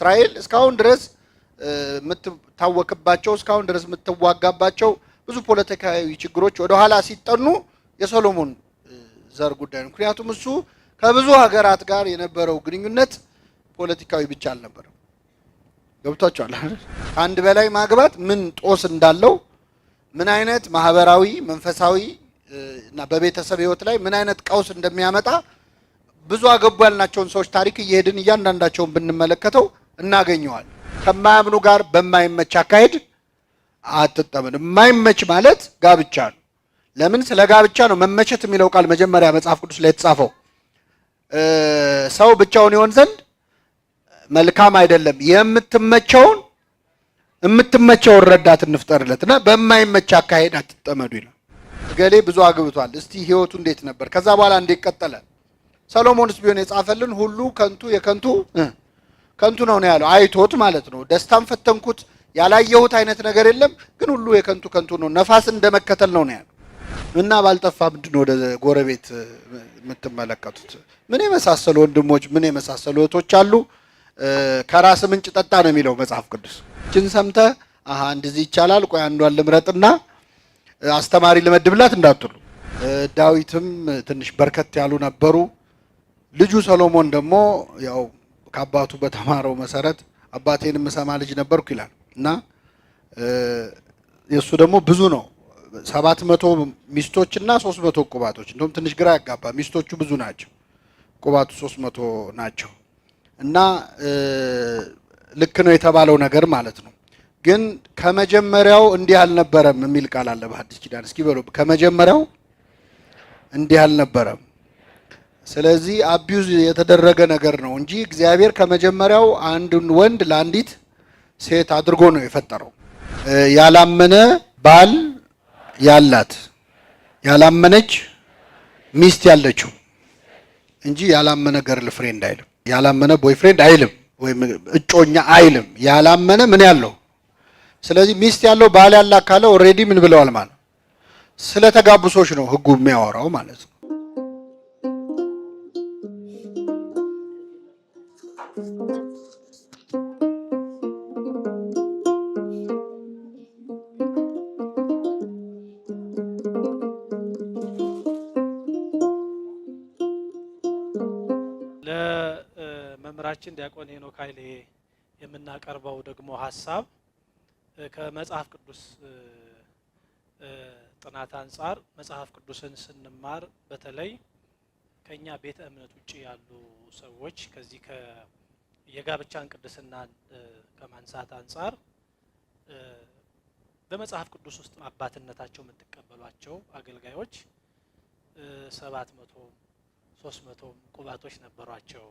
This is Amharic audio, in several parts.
እስራኤል እስካሁን ድረስ የምትታወቅባቸው እስካሁን ድረስ የምትዋጋባቸው ብዙ ፖለቲካዊ ችግሮች ወደኋላ ሲጠኑ የሰሎሞን ዘር ጉዳይ ነው። ምክንያቱም እሱ ከብዙ ሀገራት ጋር የነበረው ግንኙነት ፖለቲካዊ ብቻ አልነበረም። ገብቷቸዋል። ከአንድ በላይ ማግባት ምን ጦስ እንዳለው ምን አይነት ማህበራዊ፣ መንፈሳዊ እና በቤተሰብ ህይወት ላይ ምን አይነት ቀውስ እንደሚያመጣ ብዙ አገቡ ያልናቸውን ሰዎች ታሪክ እየሄድን እያንዳንዳቸውን ብንመለከተው እናገኘዋል። ከማያምኑ ጋር በማይመች አካሄድ አትጠመድ። የማይመች ማለት ጋብቻ ነው። ለምን? ስለ ጋብቻ ነው። መመቸት የሚለው ቃል መጀመሪያ መጽሐፍ ቅዱስ ላይ የተጻፈው ሰው ብቻውን ይሆን ዘንድ መልካም አይደለም፣ የምትመቸውን የምትመቸውን ረዳት እንፍጠርለት እና በማይመች አካሄድ አትጠመዱ ይላል። እገሌ ብዙ አግብቷል፣ እስቲ ህይወቱ እንዴት ነበር? ከዛ በኋላ እንዴት ቀጠለ? ሰሎሞንስ ቢሆን የጻፈልን ሁሉ ከንቱ የከንቱ ከንቱ ነው ነው ያለው። አይቶት ማለት ነው። ደስታን ፈተንኩት ያላየሁት አይነት ነገር የለም፣ ግን ሁሉ የከንቱ ከንቱ ነው፣ ነፋስ እንደመከተል ነው ነው ያለው። እና ባልጠፋ ምንድን ወደ ጎረቤት የምትመለከቱት ምን የመሳሰሉ ወንድሞች፣ ምን የመሳሰሉ እህቶች አሉ። ከራስ ምንጭ ጠጣ ነው የሚለው መጽሐፍ ቅዱስ። ችን ሰምተ አሀ እንደዚህ ይቻላል፣ ቆይ አንዷን ልምረጥና አስተማሪ ልመድብላት እንዳትሉ። ዳዊትም ትንሽ በርከት ያሉ ነበሩ። ልጁ ሰሎሞን ደግሞ ያው ከአባቱ በተማረው መሰረት አባቴን የምሰማ ልጅ ነበርኩ ይላል እና የእሱ ደግሞ ብዙ ነው። ሰባት መቶ ሚስቶች እና ሶስት መቶ ቁባቶች። እንደውም ትንሽ ግራ ያጋባ። ሚስቶቹ ብዙ ናቸው፣ ቁባቱ ሶስት መቶ ናቸው። እና ልክ ነው የተባለው ነገር ማለት ነው። ግን ከመጀመሪያው እንዲህ አልነበረም የሚል ቃል አለ በሐዲስ ኪዳን። እስኪ በሉ ከመጀመሪያው እንዲህ አልነበረም ስለዚህ አቢዩዝ የተደረገ ነገር ነው እንጂ እግዚአብሔር ከመጀመሪያው አንድን ወንድ ለአንዲት ሴት አድርጎ ነው የፈጠረው። ያላመነ ባል ያላት ያላመነች ሚስት ያለችው እንጂ ያላመነ ገርል ፍሬንድ አይልም። ያላመነ ቦይፍሬንድ አይልም፣ ወይም እጮኛ አይልም። ያላመነ ምን ያለው። ስለዚህ ሚስት ያለው ባል ያላት ካለ ኦልሬዲ ምን ብለዋል ማለት ስለተጋቡ ሰዎች ነው ህጉ የሚያወራው ማለት ነው። ወንድማችን ዲያቆን ሄኖክ ኃይሌ የምናቀርበው ደግሞ ሀሳብ ከመጽሐፍ ቅዱስ ጥናት አንጻር መጽሐፍ ቅዱስን ስንማር በተለይ ከኛ ቤተ እምነት ውጭ ያሉ ሰዎች ከዚህ የጋብቻን ቅድስና ከማንሳት አንጻር በመጽሐፍ ቅዱስ ውስጥ አባትነታቸው የምትቀበሏቸው አገልጋዮች ሰባት መቶ ሶስት መቶ ቁባቶች ነበሯቸው።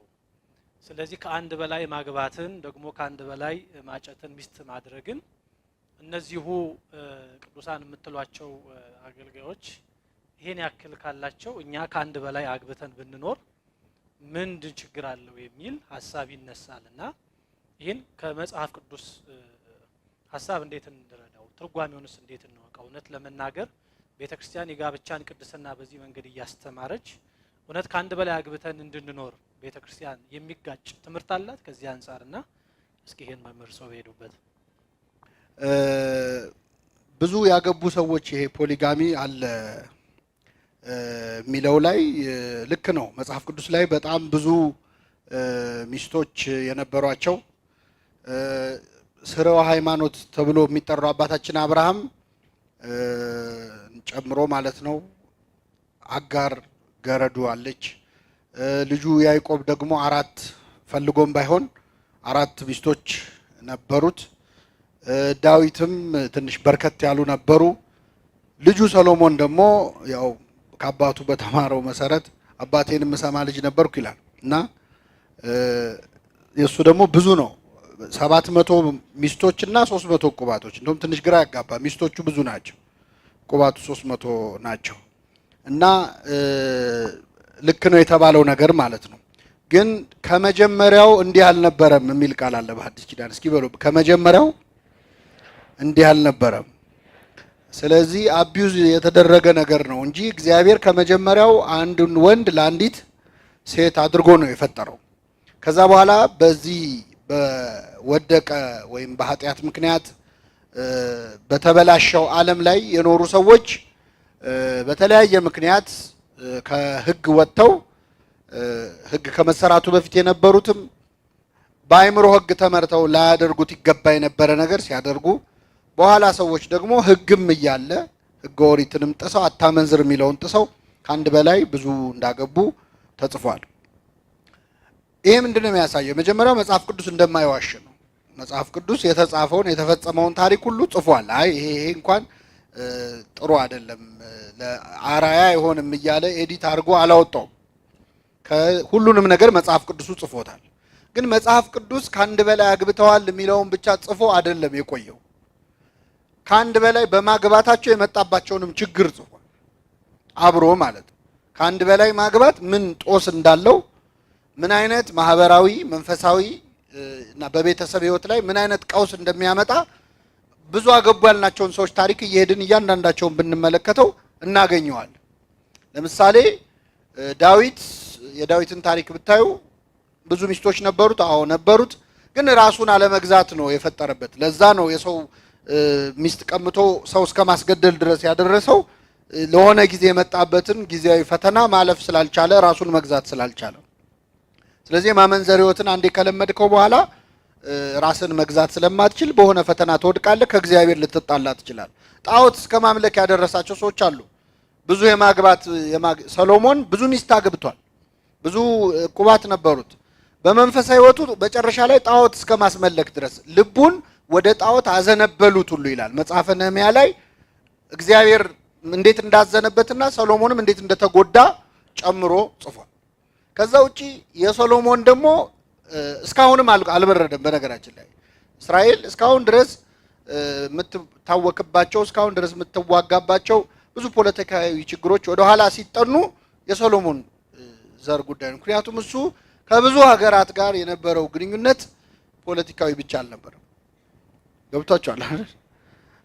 ስለዚህ ከአንድ በላይ ማግባትን ደግሞ ከአንድ በላይ ማጨትን ሚስት ማድረግን እነዚሁ ቅዱሳን የምትሏቸው አገልጋዮች ይሄን ያክል ካላቸው እኛ ከአንድ በላይ አግብተን ብንኖር ምንድን ችግር አለው የሚል ሀሳብ ይነሳል እና ይህን ከመጽሐፍ ቅዱስ ሀሳብ እንዴት እንረዳው? ትርጓሜውንስ እንዴት እንወቀው? እውነት ለመናገር ቤተ ክርስቲያን የጋብቻን ቅድስና በዚህ መንገድ እያስተማረች እውነት ከአንድ በላይ አግብተን እንድንኖር ቤተ ክርስቲያን የሚጋጭ ትምህርት አላት። ከዚህ አንጻር ና እስኪ ይህን መምህር ሰው በሄዱበት ብዙ ያገቡ ሰዎች ይሄ ፖሊጋሚ አለ የሚለው ላይ ልክ ነው። መጽሐፍ ቅዱስ ላይ በጣም ብዙ ሚስቶች የነበሯቸው ስርወ ሃይማኖት ተብሎ የሚጠሩ አባታችን አብርሃም ጨምሮ ማለት ነው። አጋር ገረዱ አለች። ልጁ ያዕቆብ ደግሞ አራት ፈልጎም ባይሆን አራት ሚስቶች ነበሩት። ዳዊትም ትንሽ በርከት ያሉ ነበሩ። ልጁ ሰሎሞን ደግሞ ያው ከአባቱ በተማረው መሰረት አባቴን የምሰማ ልጅ ነበርኩ ይላል እና የእሱ ደግሞ ብዙ ነው። ሰባት መቶ ሚስቶች እና ሶስት መቶ ቁባቶች። እንደውም ትንሽ ግራ ያጋባ። ሚስቶቹ ብዙ ናቸው፣ ቁባቱ ሶስት መቶ ናቸው እና ልክ ነው የተባለው ነገር ማለት ነው። ግን ከመጀመሪያው እንዲህ አልነበረም የሚል ቃል አለ በሐዲስ ኪዳን። እስኪ በሉ ከመጀመሪያው እንዲህ አልነበረም። ስለዚህ አቢዩዝ የተደረገ ነገር ነው እንጂ እግዚአብሔር ከመጀመሪያው አንድን ወንድ ለአንዲት ሴት አድርጎ ነው የፈጠረው። ከዛ በኋላ በዚህ በወደቀ ወይም በኃጢአት ምክንያት በተበላሸው ዓለም ላይ የኖሩ ሰዎች በተለያየ ምክንያት ከህግ ወጥተው ህግ ከመሰራቱ በፊት የነበሩትም በአይምሮ ህግ ተመርተው ላያደርጉት ይገባ የነበረ ነገር ሲያደርጉ፣ በኋላ ሰዎች ደግሞ ህግም እያለ ህገ ኦሪትንም ጥሰው አታመንዝር የሚለውን ጥሰው ከአንድ በላይ ብዙ እንዳገቡ ተጽፏል። ይሄ ምንድን ነው የሚያሳየው? መጀመሪያው መጽሐፍ ቅዱስ እንደማይዋሽ ነው። መጽሐፍ ቅዱስ የተጻፈውን የተፈጸመውን ታሪክ ሁሉ ጽፏል። አይ ይሄ እንኳን ጥሩ አይደለም፣ ለአራያ አይሆንም እያለ ኤዲት አድርጎ አላወጣውም። ከሁሉንም ነገር መጽሐፍ ቅዱሱ ጽፎታል። ግን መጽሐፍ ቅዱስ ከአንድ በላይ አግብተዋል የሚለውን ብቻ ጽፎ አይደለም የቆየው። ከአንድ በላይ በማግባታቸው የመጣባቸውንም ችግር ጽፏል። አብሮ ማለት ከአንድ በላይ ማግባት ምን ጦስ እንዳለው ምን አይነት ማህበራዊ፣ መንፈሳዊ እና በቤተሰብ ህይወት ላይ ምን አይነት ቀውስ እንደሚያመጣ ብዙ አገቡ ያልናቸውን ሰዎች ታሪክ እየሄድን እያንዳንዳቸውን ብንመለከተው እናገኘዋል። ለምሳሌ ዳዊት የዳዊትን ታሪክ ብታዩ ብዙ ሚስቶች ነበሩት። አዎ ነበሩት፣ ግን ራሱን አለመግዛት ነው የፈጠረበት። ለዛ ነው የሰው ሚስት ቀምቶ ሰው እስከ ማስገደል ድረስ ያደረሰው። ለሆነ ጊዜ የመጣበትን ጊዜያዊ ፈተና ማለፍ ስላልቻለ፣ ራሱን መግዛት ስላልቻለ። ስለዚህ የማመንዘር ህይወትን አንዴ ከለመድከው በኋላ ራስን መግዛት ስለማትችል በሆነ ፈተና ትወድቃለህ። ከእግዚአብሔር ልትጣላ ትችላል። ጣዖት እስከ ማምለክ ያደረሳቸው ሰዎች አሉ። ብዙ የማግባት ሰሎሞን ብዙ ሚስት አግብቷል። ብዙ ቁባት ነበሩት። በመንፈሳዊ ሕይወቱ መጨረሻ ላይ ጣዖት እስከ ማስመለክ ድረስ ልቡን ወደ ጣዖት አዘነበሉት ሁሉ ይላል መጽሐፈ ነህምያ ላይ እግዚአብሔር እንዴት እንዳዘነበትና ሰሎሞንም እንዴት እንደተጎዳ ጨምሮ ጽፏል። ከዛ ውጪ የሰሎሞን ደግሞ እስካሁንም አልበረደም። በነገራችን ላይ እስራኤል እስካሁን ድረስ የምትታወቅባቸው እስካሁን ድረስ የምትዋጋባቸው ብዙ ፖለቲካዊ ችግሮች ወደኋላ ሲጠኑ የሰሎሞን ዘር ጉዳይ ነው። ምክንያቱም እሱ ከብዙ ሀገራት ጋር የነበረው ግንኙነት ፖለቲካዊ ብቻ አልነበረም። ገብቷቸዋል፣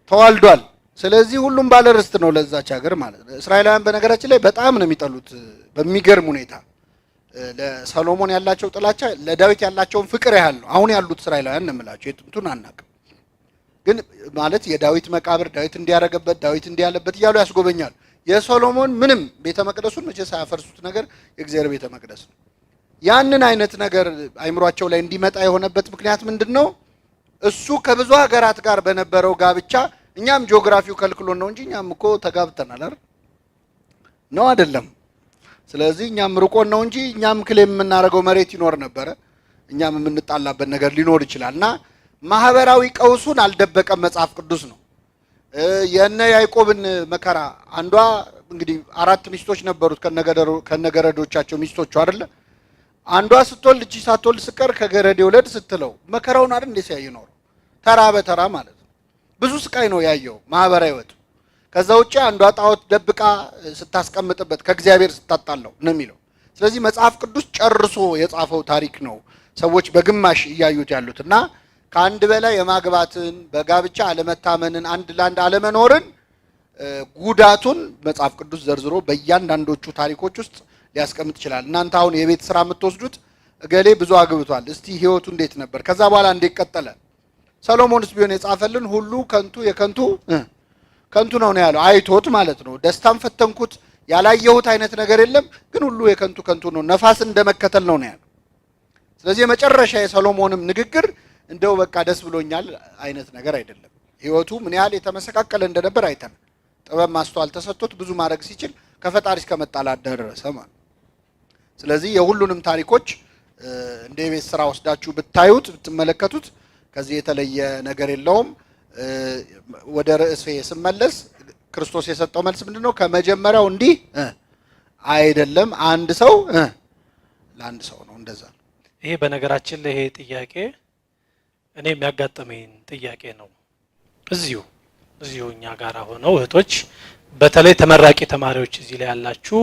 ተዋልዷል። ስለዚህ ሁሉም ባለርስት ነው ለዛች ሀገር ማለት ነው። እስራኤላውያን በነገራችን ላይ በጣም ነው የሚጠሉት በሚገርም ሁኔታ ለሰሎሞን ያላቸው ጥላቻ ለዳዊት ያላቸውን ፍቅር ያህል ነው። አሁን ያሉት እስራኤላውያን እንምላቸው የጥንቱን አናቅም፣ ግን ማለት የዳዊት መቃብር ዳዊት እንዲያረገበት ዳዊት እንዲያለበት እያሉ ያስጎበኛሉ። የሰሎሞን ምንም ቤተ መቅደሱን መቼ ሳያፈርሱት ነገር የእግዚአብሔር ቤተ መቅደስ ነው። ያንን አይነት ነገር አይምሯቸው ላይ እንዲመጣ የሆነበት ምክንያት ምንድን ነው? እሱ ከብዙ ሀገራት ጋር በነበረው ጋብቻ እኛም ጂኦግራፊው ከልክሎን ነው እንጂ እኛም እኮ ተጋብተናል። አይደል ነው? አይደለም ስለዚህ እኛም ርቆን ነው እንጂ እኛም ክሌም የምናደርገው መሬት ይኖር ነበረ። እኛም የምንጣላበት ነገር ሊኖር ይችላል እና ማህበራዊ ቀውሱን አልደበቀም መጽሐፍ ቅዱስ ነው። የነ ያዕቆብን መከራ አንዷ እንግዲህ አራት ሚስቶች ነበሩት ከነገረዶቻቸው ሚስቶቹ አይደለ አንዷ ስትወልድ እቺ ሳትወልድ ስቀር ከገረዴ ውለድ ስትለው መከራውን አይደል እንዴ ሲያይ ኖረው ተራ በተራ ማለት ነው። ብዙ ስቃይ ነው ያየው ማህበራዊ ህይወቱ ከዛ ውጭ አንዷ ጣዖት ደብቃ ስታስቀምጥበት ከእግዚአብሔር ስታጣለው ነው የሚለው። ስለዚህ መጽሐፍ ቅዱስ ጨርሶ የጻፈው ታሪክ ነው ሰዎች በግማሽ እያዩት ያሉት እና ከአንድ በላይ የማግባትን በጋብቻ አለመታመንን፣ አንድ ለአንድ አለመኖርን ጉዳቱን መጽሐፍ ቅዱስ ዘርዝሮ በእያንዳንዶቹ ታሪኮች ውስጥ ሊያስቀምጥ ይችላል። እናንተ አሁን የቤት ስራ የምትወስዱት እገሌ ብዙ አግብቷል፣ እስቲ ህይወቱ እንዴት ነበር? ከዛ በኋላ እንዴት ቀጠለ? ሰሎሞንስ ቢሆን የጻፈልን ሁሉ ከንቱ የከንቱ ከንቱ ነው ነው ያለው። አይቶት ማለት ነው። ደስታም ፈተንኩት ያላየሁት አይነት ነገር የለም፣ ግን ሁሉ የከንቱ ከንቱ ነው፣ ነፋስ እንደመከተል ነው ነው ያለው። ስለዚህ የመጨረሻ የሰሎሞንም ንግግር እንደው በቃ ደስ ብሎኛል አይነት ነገር አይደለም። ህይወቱ ምን ያህል የተመሰቃቀለ እንደነበር አይተናል። ጥበብ ማስተዋል ተሰጥቶት ብዙ ማድረግ ሲችል ከፈጣሪ እስከ ደረሰ ማለት። ስለዚህ የሁሉንም ታሪኮች እንደ ቤት ስራ ወስዳችሁ ብታዩት ብትመለከቱት ከዚህ የተለየ ነገር የለውም። ወደ ርዕሴ ስመለስ ክርስቶስ የሰጠው መልስ ምንድን ነው? ከመጀመሪያው እንዲህ አይደለም። አንድ ሰው ለአንድ ሰው ነው፣ እንደዛ ይሄ በነገራችን ላይ ይሄ ጥያቄ እኔ የሚያጋጠመኝ ጥያቄ ነው። እዚሁ እዚሁ እኛ ጋር ሆነው እህቶች፣ በተለይ ተመራቂ ተማሪዎች እዚህ ላይ ያላችሁ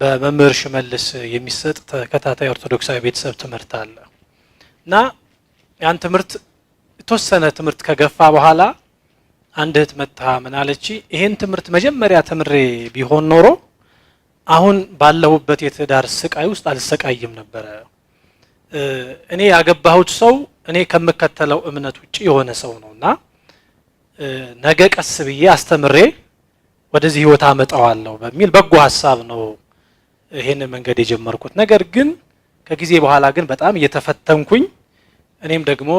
በመምህር ሽመልስ የሚሰጥ ተከታታይ ኦርቶዶክሳዊ ቤተሰብ ትምህርት አለ እና ያን ትምህርት የተወሰነ ትምህርት ከገፋ በኋላ አንድ እህት መጥታ ምን አለች፣ ይሄን ትምህርት መጀመሪያ ተምሬ ቢሆን ኖሮ አሁን ባለሁበት የትዳር ስቃይ ውስጥ አልሰቃይም ነበረ። እኔ ያገባሁት ሰው እኔ ከምከተለው እምነት ውጭ የሆነ ሰው ነውና ነገ ቀስ ብዬ አስተምሬ ወደዚህ ህይወት አመጣዋለሁ በሚል በጎ ሀሳብ ነው ይህን መንገድ የጀመርኩት። ነገር ግን ከጊዜ በኋላ ግን በጣም እየተፈተንኩኝ እኔም ደግሞ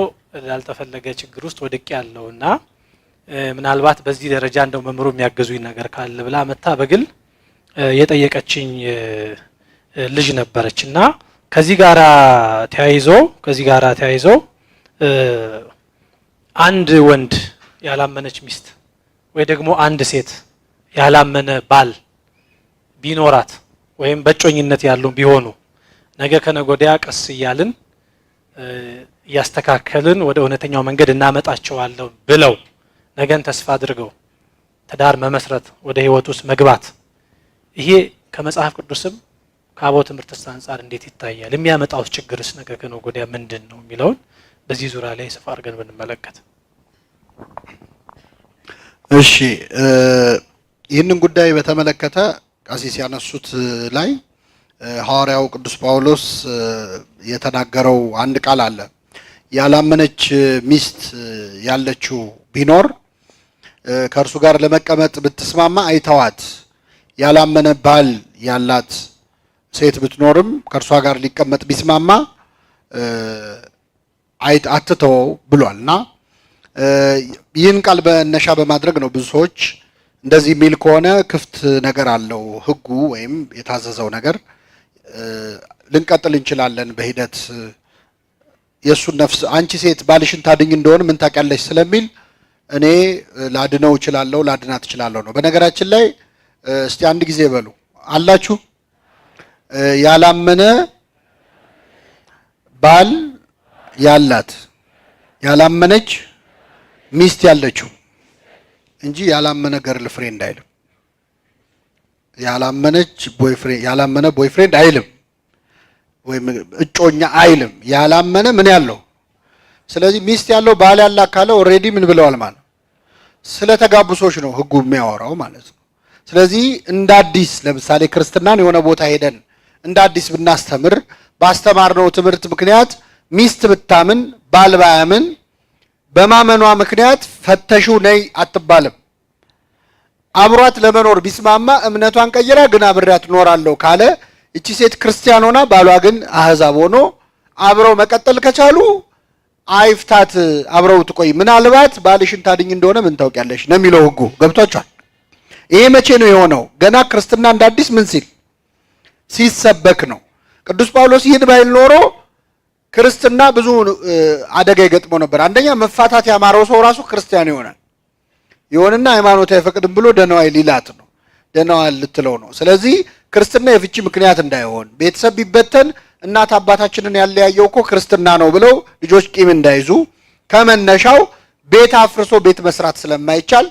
ላልተፈለገ ችግር ውስጥ ወድቅ ያለው እና ምናልባት በዚህ ደረጃ እንደው መምሮ የሚያገዙኝ ነገር ካለ ብላ መታ በግል የጠየቀችኝ ልጅ ነበረች እና ከዚህ ጋር ተያይዞ ከዚህ ጋር ተያይዞ አንድ ወንድ ያላመነች ሚስት ወይ ደግሞ አንድ ሴት ያላመነ ባል ቢኖራት ወይም በጮኝነት ያሉ ቢሆኑ ነገ ከነገ ቀስ እያልን እያስተካከልን ወደ እውነተኛው መንገድ እናመጣቸዋለሁ ብለው ነገን ተስፋ አድርገው ትዳር መመስረት ወደ ህይወት ውስጥ መግባት ይሄ ከመጽሐፍ ቅዱስም ከአቦ ትምህርትስ አንጻር እንዴት ይታያል? የሚያመጣውስ ችግርስ ነገ ከነገ ወዲያ ምንድን ነው የሚለውን በዚህ ዙሪያ ላይ ስፋ አድርገን ብንመለከት። እሺ፣ ይህንን ጉዳይ በተመለከተ ቀሲስ ያነሱት ላይ ሐዋርያው ቅዱስ ጳውሎስ የተናገረው አንድ ቃል አለ። ያላመነች ሚስት ያለችው ቢኖር ከእርሱ ጋር ለመቀመጥ ብትስማማ አይተዋት፣ ያላመነ ባል ያላት ሴት ብትኖርም ከእርሷ ጋር ሊቀመጥ ቢስማማ አትተወው ብሏል እና ይህን ቃል መነሻ በማድረግ ነው ብዙ ሰዎች እንደዚህ የሚል ከሆነ ክፍት ነገር አለው ሕጉ ወይም የታዘዘው ነገር ልንቀጥል እንችላለን በሂደት የእሱን ነፍስ አንቺ ሴት ባልሽን ታድኝ እንደሆን ምን ታውቂያለሽ ስለሚል እኔ ላድነው እችላለሁ ላድና ትችላለሁ ነው። በነገራችን ላይ እስቲ አንድ ጊዜ በሉ አላችሁ። ያላመነ ባል ያላት ያላመነች ሚስት ያለችው እንጂ ያላመነ ገርል ፍሬንድ አይልም። ያላመነች ቦይፍሬንድ ያላመነ ቦይፍሬንድ አይልም ወይም እጮኛ አይልም። ያላመነ ምን ያለው ስለዚህ ሚስት ያለው ባል ያላት ካለ ኦልሬዲ ምን ብለዋል ማለት ስለተጋቡ ሰዎች ነው ህጉ የሚያወራው ማለት ነው። ስለዚህ እንደ አዲስ ለምሳሌ ክርስትናን የሆነ ቦታ ሄደን እንደ አዲስ ብናስተምር ባስተማርነው ትምህርት ምክንያት ሚስት ብታምን ባል ባያምን በማመኗ ምክንያት ፈተሹ ነይ አትባልም። አብሯት ለመኖር ቢስማማ እምነቷን ቀይራ ግን አብሬያት እኖራለሁ ካለ እቺ ሴት ክርስቲያን ሆና ባሏ ግን አህዛብ ሆኖ አብረው መቀጠል ከቻሉ አይፍታት፣ አብረው ትቆይ። ምናልባት ባልሽን ታድኝ እንደሆነ ምን ታውቂያለሽ ነው የሚለው ህጉ። ገብቷቸዋል። ይሄ መቼ ነው የሆነው? ገና ክርስትና እንደ አዲስ ምን ሲል ሲሰበክ ነው። ቅዱስ ጳውሎስ ይህን ባይል ኖሮ ክርስትና ብዙ አደጋ ይገጥመው ነበር። አንደኛ መፋታት ያማረው ሰው ራሱ ክርስቲያን ይሆናል። ይሆንና ሃይማኖት አይፈቅድም ብሎ ደነዋይ ሊላት ነው፣ ደነዋይ ልትለው ነው። ስለዚህ ክርስትና የፍቺ ምክንያት እንዳይሆን ቤተሰብ ቢበተን እናት አባታችንን ያለያየው እኮ ክርስትና ነው ብለው ልጆች ቂም እንዳይዙ ከመነሻው ቤት አፍርሶ ቤት መስራት ስለማይቻል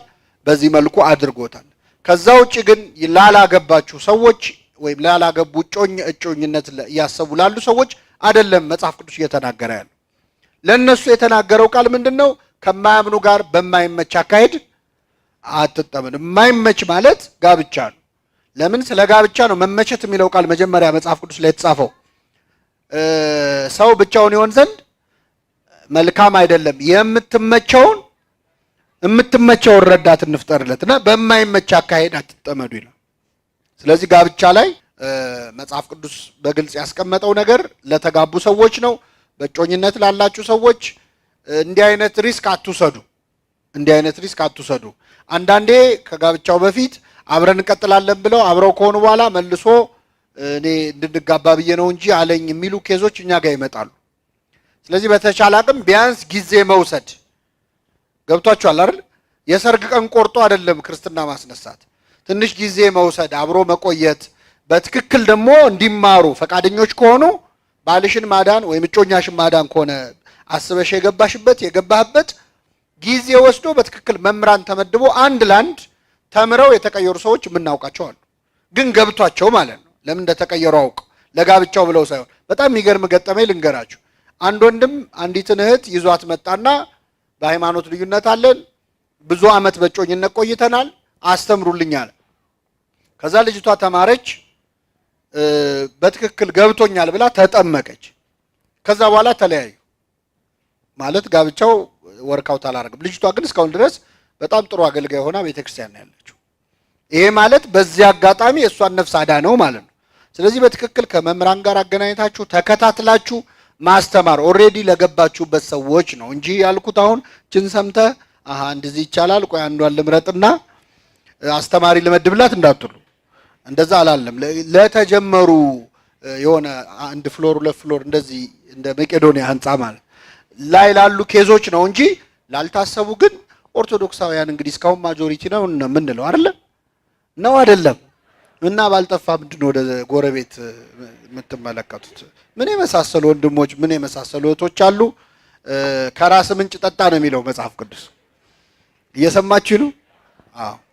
በዚህ መልኩ አድርጎታል። ከዛ ውጭ ግን ላላገባችሁ ሰዎች ወይም ላላገቡ እጮኝነት እያሰቡ ላሉ ሰዎች አይደለም መጽሐፍ ቅዱስ እየተናገረ ያለው። ለእነሱ የተናገረው ቃል ምንድን ነው? ከማያምኑ ጋር በማይመች አካሄድ አትጠመዱ የማይመች ማለት ጋብቻ ነው። ለምን? ስለ ጋብቻ ነው። መመቸት የሚለው ቃል መጀመሪያ መጽሐፍ ቅዱስ ላይ የተጻፈው ሰው ብቻውን ይሆን ዘንድ መልካም አይደለም፣ የምትመቸውን የምትመቸውን ረዳት እንፍጠርለት እና በማይመች አካሄድ አትጠመዱ ይላል። ስለዚህ ጋብቻ ላይ መጽሐፍ ቅዱስ በግልጽ ያስቀመጠው ነገር ለተጋቡ ሰዎች ነው። በእጮኝነት ላላችሁ ሰዎች እንዲህ አይነት ሪስክ አትውሰዱ፣ እንዲህ አይነት ሪስክ አትውሰዱ። አንዳንዴ ከጋብቻው በፊት አብረን እንቀጥላለን ብለው አብረው ከሆኑ በኋላ መልሶ እኔ እንድንጋባ ብዬ ነው እንጂ አለኝ የሚሉ ኬዞች እኛ ጋር ይመጣሉ። ስለዚህ በተቻለ አቅም ቢያንስ ጊዜ መውሰድ ገብቷችኋል አይደል? የሰርግ ቀን ቆርጦ አይደለም ክርስትና ማስነሳት፣ ትንሽ ጊዜ መውሰድ፣ አብሮ መቆየት፣ በትክክል ደግሞ እንዲማሩ ፈቃደኞች ከሆኑ ባልሽን ማዳን ወይም እጮኛሽን ማዳን ከሆነ አስበሽ የገባሽበት የገባህበት ጊዜ ወስዶ በትክክል መምህራን ተመድቦ አንድ ለአንድ ተምረው የተቀየሩ ሰዎች የምናውቃቸው አሉ። ግን ገብቷቸው ማለት ነው። ለምን እንደተቀየሩ አውቅ ለጋብቻው ብለው ሳይሆን በጣም የሚገርም ገጠመኝ ልንገራችሁ። አንድ ወንድም አንዲትን እህት ይዟት መጣና በሃይማኖት ልዩነት አለን፣ ብዙ ዓመት በጮኝነት ቆይተናል፣ አስተምሩልኝ አለ። ከዛ ልጅቷ ተማረች፣ በትክክል ገብቶኛል ብላ ተጠመቀች። ከዛ በኋላ ተለያዩ ማለት ጋብቻው ወርካውት አላደረግም። ልጅቷ ግን እስካሁን ድረስ በጣም ጥሩ አገልጋይ ሆና ቤተክርስቲያን ያለችው። ይሄ ማለት በዚህ አጋጣሚ የእሷን ነፍስ አዳ ነው ማለት ነው። ስለዚህ በትክክል ከመምህራን ጋር አገናኝታችሁ ተከታትላችሁ ማስተማር ኦሬዲ ለገባችሁበት ሰዎች ነው እንጂ ያልኩት አሁን ችን ሰምተ አሀ እንደዚህ ይቻላል፣ ቆይ አንዷን ልምረጥና አስተማሪ ልመድብላት እንዳትሉ፣ እንደዛ አላለም። ለተጀመሩ የሆነ አንድ ፍሎር ሁለት ፍሎር እንደዚህ እንደ መቄዶንያ ህንፃ ማለት ላይ ላሉ ኬዞች ነው እንጂ ላልታሰቡ ግን ኦርቶዶክሳውያን እንግዲህ እስካሁን ማጆሪቲ ነው የምንለው አይደለ? ነው አይደለም? እና ባልጠፋ ምንድን ወደ ጎረቤት የምትመለከቱት ምን የመሳሰሉ ወንድሞች ምን የመሳሰሉ እህቶች አሉ። ከራስ ምንጭ ጠጣ ነው የሚለው መጽሐፍ ቅዱስ። እየሰማችሁ ነው? አዎ